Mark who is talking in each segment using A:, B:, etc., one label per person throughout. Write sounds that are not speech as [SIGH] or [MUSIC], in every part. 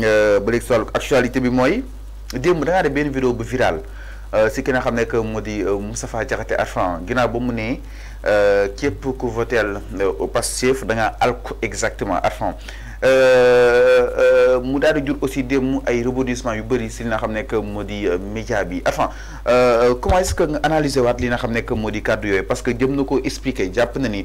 A: Euh, ba actualité bi moy démb da nga def vidéo virale viral euh, si ki nga xam ne que moo di euh, Moustapha Arfan ginnaaw ba mu euh, képp ku voteel au Pastef da alko exactement Arfan fond euh, di aussi des ay et yu bëri si li nga que modi média bi Arfan comment est-ce que nga analyser wat li nga xamné que modi cadre parce que jëm nous expliquer japp na ni.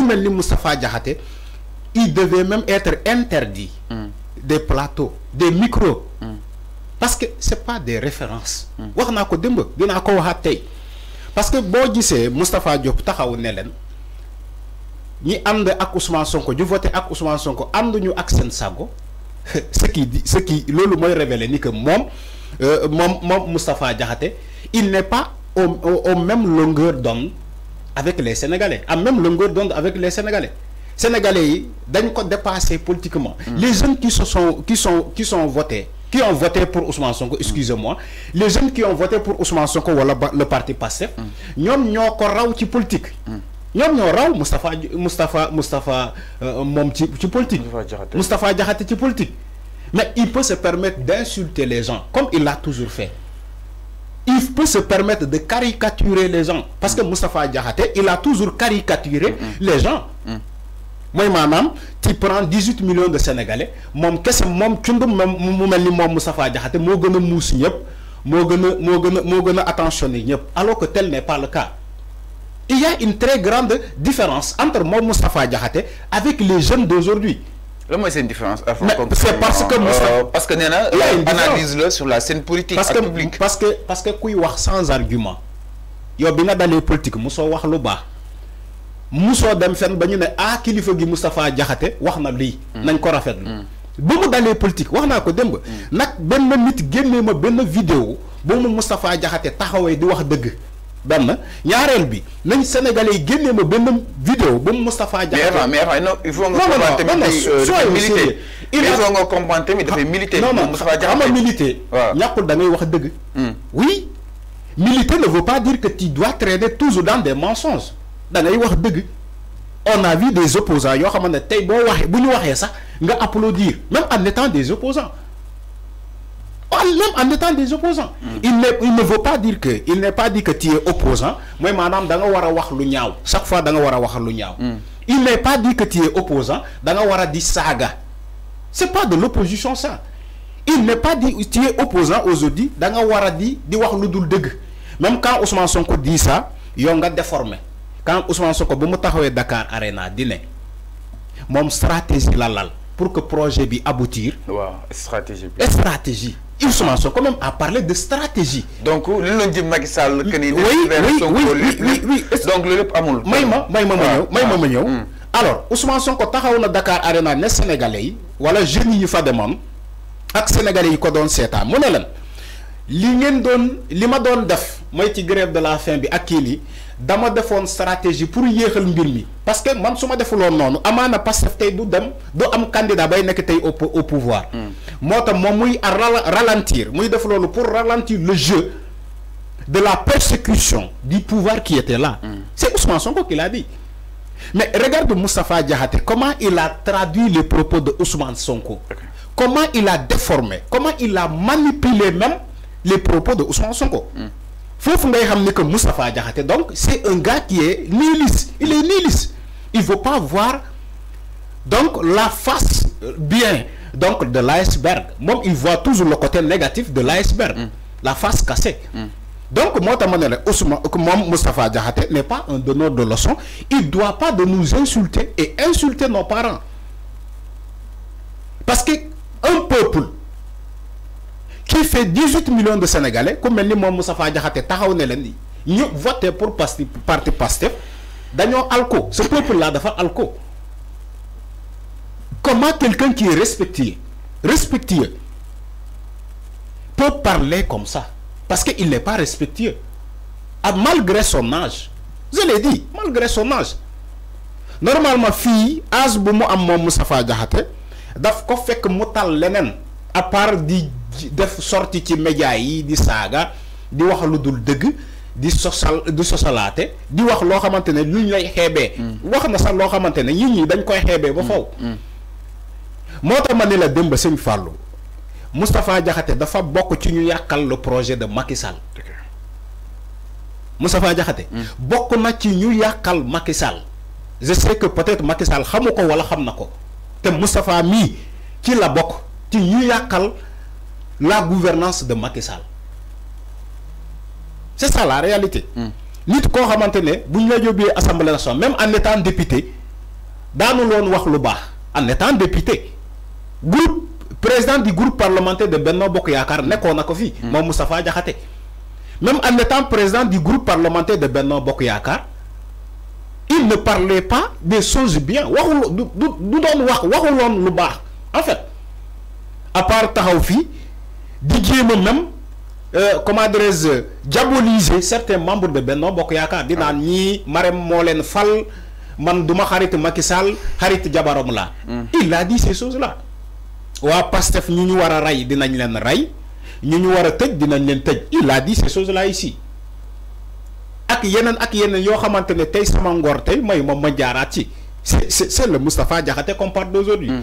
B: mel ni Moustapha il devait même être interdit hmm. des plateaux des micros hmm. parce que c'est pas des références hmm. wax naa ko démb dinaa ko waxaat parce que boo gisee Moustapha Diop taxaw ne ni ñi ànd ak Ousmane Sonko ñu voter ak Ousmane Sonko ànduñu ak accent sago [LAUGHS] ce qui dit ce qui le mooy révélé ni que mom euh, mom mom Moustapha Diakhaté il n'est pas au au même longueur d'onde avec les Sénégalais à même longueur d'onde avec les Sénégalais Sénégalais d'un côté ko dépasser politiquement hmm. les jeunes qui se sont qui sont qui sont votés qui ont voté pour Ousmane Sonko excusez-moi hmm. les jeunes qui ont voté pour Ousmane Sonko wala le parti passé ils ont encore raw ci politique Ils hmm. ñoo raw Moustapha Moustapha Moustapha euh, moom ci ci politique Mustapha politique mais il peut se permettre d'insulter les gens comme il l'a toujours fait il peut se permettre de caricaturer les gens. Parce que Moustapha Diakhaté, il a toujours caricaturé mm. les gens. Mm. Moi, maman, tu prends 18 millions de sénégalais moom kese moom cund mu mel ni moom Moustapha Diakhaté moo gën a muus ñëpp moo attentionné alors que tel n'est pas le cas il y a une très grande différence entre Moustapha Diakhaté avec les jeunes d'aujourd'hui vraiment c'est seen différence. c'est parce que Moustapha euh, parce que nee analyse le sur la scène politique. ak publique parce que parce que kuy wax sans argument. yow bi nga dalee politique mosoo wax lu baax mosoo dem fenn ba ñu ne ah kilifa gi Moustapha Diakhaté wax na lii. Mm. nañ ko rafetlu. Mm. ba mu dalee politique wax naa ko démb. Mm. nag benn nit génnee ma benn vidéo ba mu Moustapha Diakhaté taxawee di wax dëgg benn ñaarel bi nañ sénégalais yi génnee ma benn vidéo bu Moustapha Diakhaté mais mais non il faut nga comprendre tamit euh, il faut nga comprendre tamit dafay ah, militer non non xam nga militer ñàkkul da ngay wax dëgg hmm. oui militer ne veut pas dire que tu dois traîner toujours dans des mensonges da ngay wax dëgg on a vu des opposants yo xamante ne tey boo waxee bu ñu waxee sax nga applaudir même en étant des opposants même en étant des opposants hmm. il ne il ne veut pas dire que il n'est pas dit que tu es opposant moi madame dans nga war wax lu chaque fois dans nga war wax lu hmm. il n'est pas dit que tu es opposant dans nga war di c'est pas de l'opposition ça il n'est pas dit que tu es opposant aujourd'hui da nga war di di wax lu même quand Ousmane Sonko dit ça yo nga déformé quand Ousmane Sonko bu mu Dakar Arena di mon mom stratégie la pour que projet bi aboutir stratégie stratégie ils sont quand même à parler de stratégie. Donc, l'on dit Macky Sall que oui, oui, oui, Donc, le LEP amul. Maïma, maïma, maïma, maïma. Mm. Alors, Ousmane Sonko taxawna Dakar Arena né sénégalais wala jeunes yi fa demone ak sénégalais yi ko don sétan mu ne lan li ngeen don lima don def moy ci grève de la faim bi ak li dama defoon stratégie pour yéexal mbir mi parce que man su ma defuloon noonu amaana Pastef tey du dem du am candidat bay nekk tey au pouvoir mm ralentir def pour ralentir le jeu de la persécution du pouvoir qui était là. Mm. C'est Ousmane Sonko qui l'a dit. Mais regarde Moustapha Diakhaté, comment il a traduit les propos de Ousmane Sonko. Comment il a déformé, comment il a manipulé même les propos de Ousmane Sonko. Mm. Faut que Moustapha donc, c'est un gars qui est nihiliste. Il est nihiliste. Il ne faut pas voir donc la face euh, bien donc de l'iceberg même il voit toujours le côté négatif de l'iceberg mm. la face cassée mm. donc moi, je Moustapha n'est pas un donneur de leçons il doit pas de nous insulter et insulter nos parents parce que un peuple qui fait 18 millions de Sénégalais comme mel ni moom Moustapha Diakhaté taxaw ils pour parti parti Pastef ce peuple là dafa alko Comment quelqu'un qui est respecté, respecté, peut parler comme ça Parce qu'il n'est pas respectueux Ah, malgré son âge, je l'ai dit, malgré son âge. Normalement, fille, âge bu mu am moom Moustapha Diakhaté daf ko fekk mu tal à part di def sorti ci média yi di des di wax lu dul dëgg di sosal di sosalaate di wax lo xamantene ñu lay mm. wax na sax lo xamantene ne ñi dañ koy xébé ba mm. faw mm moto manila dembe seigne Fallou Moustapha jaxate dafa bok ci ñu yakal le projet de Macky Sall. Moustapha jaxate hmm. Boko na ci ñu yakal Macky Sall. je sais que peut-être Macky Sall xamuko wala xam na ko te Moustapha mi ci la bok ci ñu la gouvernance de Macky Sall c'est ça la réalité. Hmm. nit ko xamantene buñ la yóbbee assemblée nationale même en étant député dans le wax lu bas, en étant député groupe président du groupe parlementaire de Benno Bokk ne connaît pas ko fii hmm. moom Moustapha Diakhaté même en étant président du groupe parlementaire de Benno Bokk il ne parlait pas des choses bien waxul du du doon lu bax en fait à part taxaw fi di jéem euh, même comment dirais-je diaboliser certains membres de Benno Bokk Yaakaar di nan ni mo len fal man du xarit Macky Sall xarit la hmm. il a dit ces choses là wa Pastef ñu wara ray dinañ leen ray ñu ñu war dinañ il a dit ces choses là ici ak yenen ak yenen yo xamantene tay sama ngor tay may mom ma jaaraat ci c'est le Moustapha Diakhaté qu'on parle d'aujourd'hui hmm.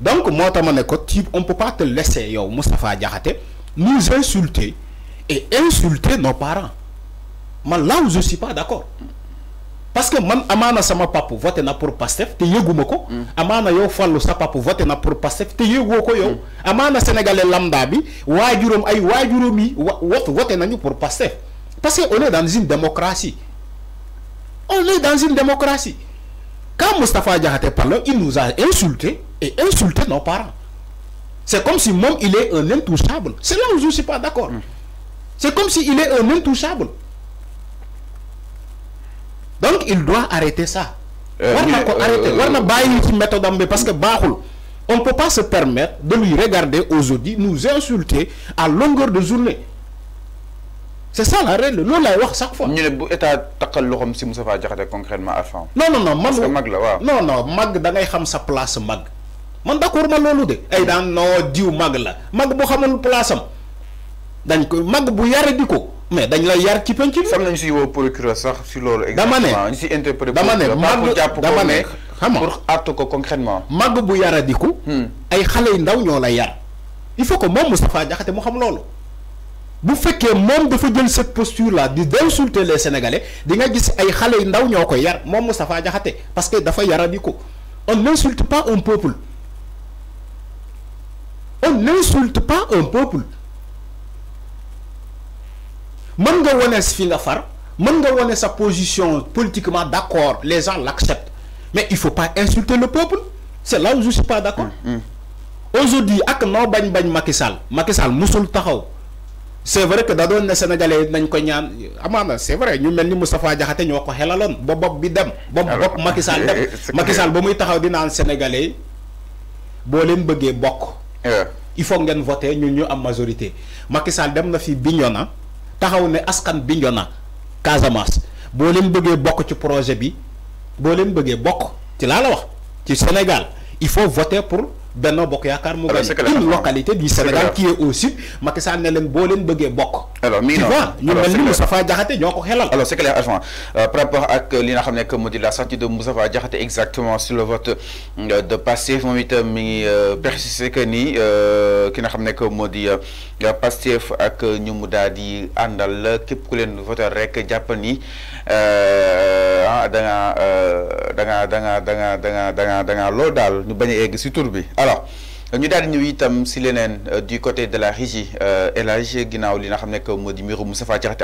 B: donc moi t'as mon ne ko on peut pas te laisser yow Moustapha Diakhaté nous insulter et insulter nos parents man là où je suis pas d'accord parce que man amana sama papa vote na pour Pastef te yegumako mm. amana amaana yow fallu sa papa vote na pour Pastef te yëgoo ko yow mm. amaana sénégalais lambda bi wajurum ay waajuróom yi vote wot voté nañu pour Pastef parce que on est dans une démocratie on est dans une démocratie quand Mustapha Diakhaté parle il nous a insulté et insulté nos parents c'est comme si moom il est un intouchable c'est là où je suis pas d'accord mm. c'est comme si il est un intouchable donc il doit arrêter ça euh, Warna ko euh, arrêter Warna na euh, bàyyi ci méthode am parce que baaxul on ne peut pas se permettre de lui regarder aujourd'hui nous insulter à longueur de journée c'est ça la règle loolu la wax chaque fois. ñu ne bu état takkal loxoom si Moustapha Diakhaté concrètement à fond. non non non parce que mag la waaw. non non mag da ngay xam sa place mag man d'accord ma loolu de. ay daan noo diw mag la mag bu xamul place am dañ ko mag bu yare di ko mais dañ la yar ci penc bi. fan lañ si woo procureur sax si loolu. exactement dama ne si interpellé dama ne màgg dama pour àtt ko concrètement. màgg bu yaradiku. Hmm. ay xale yu ndaw ñoo la yar. il faut que moom Moustapha Diakhaté mu xam loolu. bu fekkee moom dafa jël cette posture là di d'insulter les sénégalais di nga gis ay xale yu ndaw ñoo yar moom Moustapha Diakhaté parce que dafa yaradiku on n'insulte pas un peuple on n'insulte pas un peuple mën nga wane fi nga far nga woné sa position politiquement d'accord les gens l'acceptent mais il faut pas insulter le peuple c'est là où je suis pas d'accord mm, mm. aujourd'hui ak no bañ bañ Macky Sall Macky Sall musul taxaw c'est vrai que da doon né sénégalais nañ ko ñaan Amana, c'est vrai ñu menons ni Moustapha Diakhaté ñoo ko xelaloon ba bopp bi dem bopp Macky Sall dem [LAUGHS] Macky Sall ba muy taxaw di naan sénégalais bo leen bok. il faut ngeen voter ñun ñu am majorité Macky Sall dem na fi Bignona taxaw ne askan bi na Casamance boo leen bëggee bokk ci projet bi boo leen bëggee bokk ci laa la wax ci Sénégal il faut voter pour Benno Bokk Yaakaar mu ah gagne une localité du Sénégal qui est au sud Macky Sall ne leen boo leen bëggee bokk alors mi ngi noonu alors c' est clair Moustapha Diakhaté
A: euh, rapport ak li nga xam ne moo di la sortie de Moustapha Diakhaté exactement sur le vote euh, de Pastef moom itam mi ngi euh, persister que nii ki nga xam ne moo di Pastef ak ñu mu daal di àndal képp ku leen voté rek jàpp ni ah da ngaa da danga da ngaa da ngaa da daal ñu bañ a egg si tur bi alors. ñu daal di ñëw itam si leneen euh, du côté de la régie euh, El Hadj ginnaaw li nga xam ne moo di mbiru Moustapha Diakhaté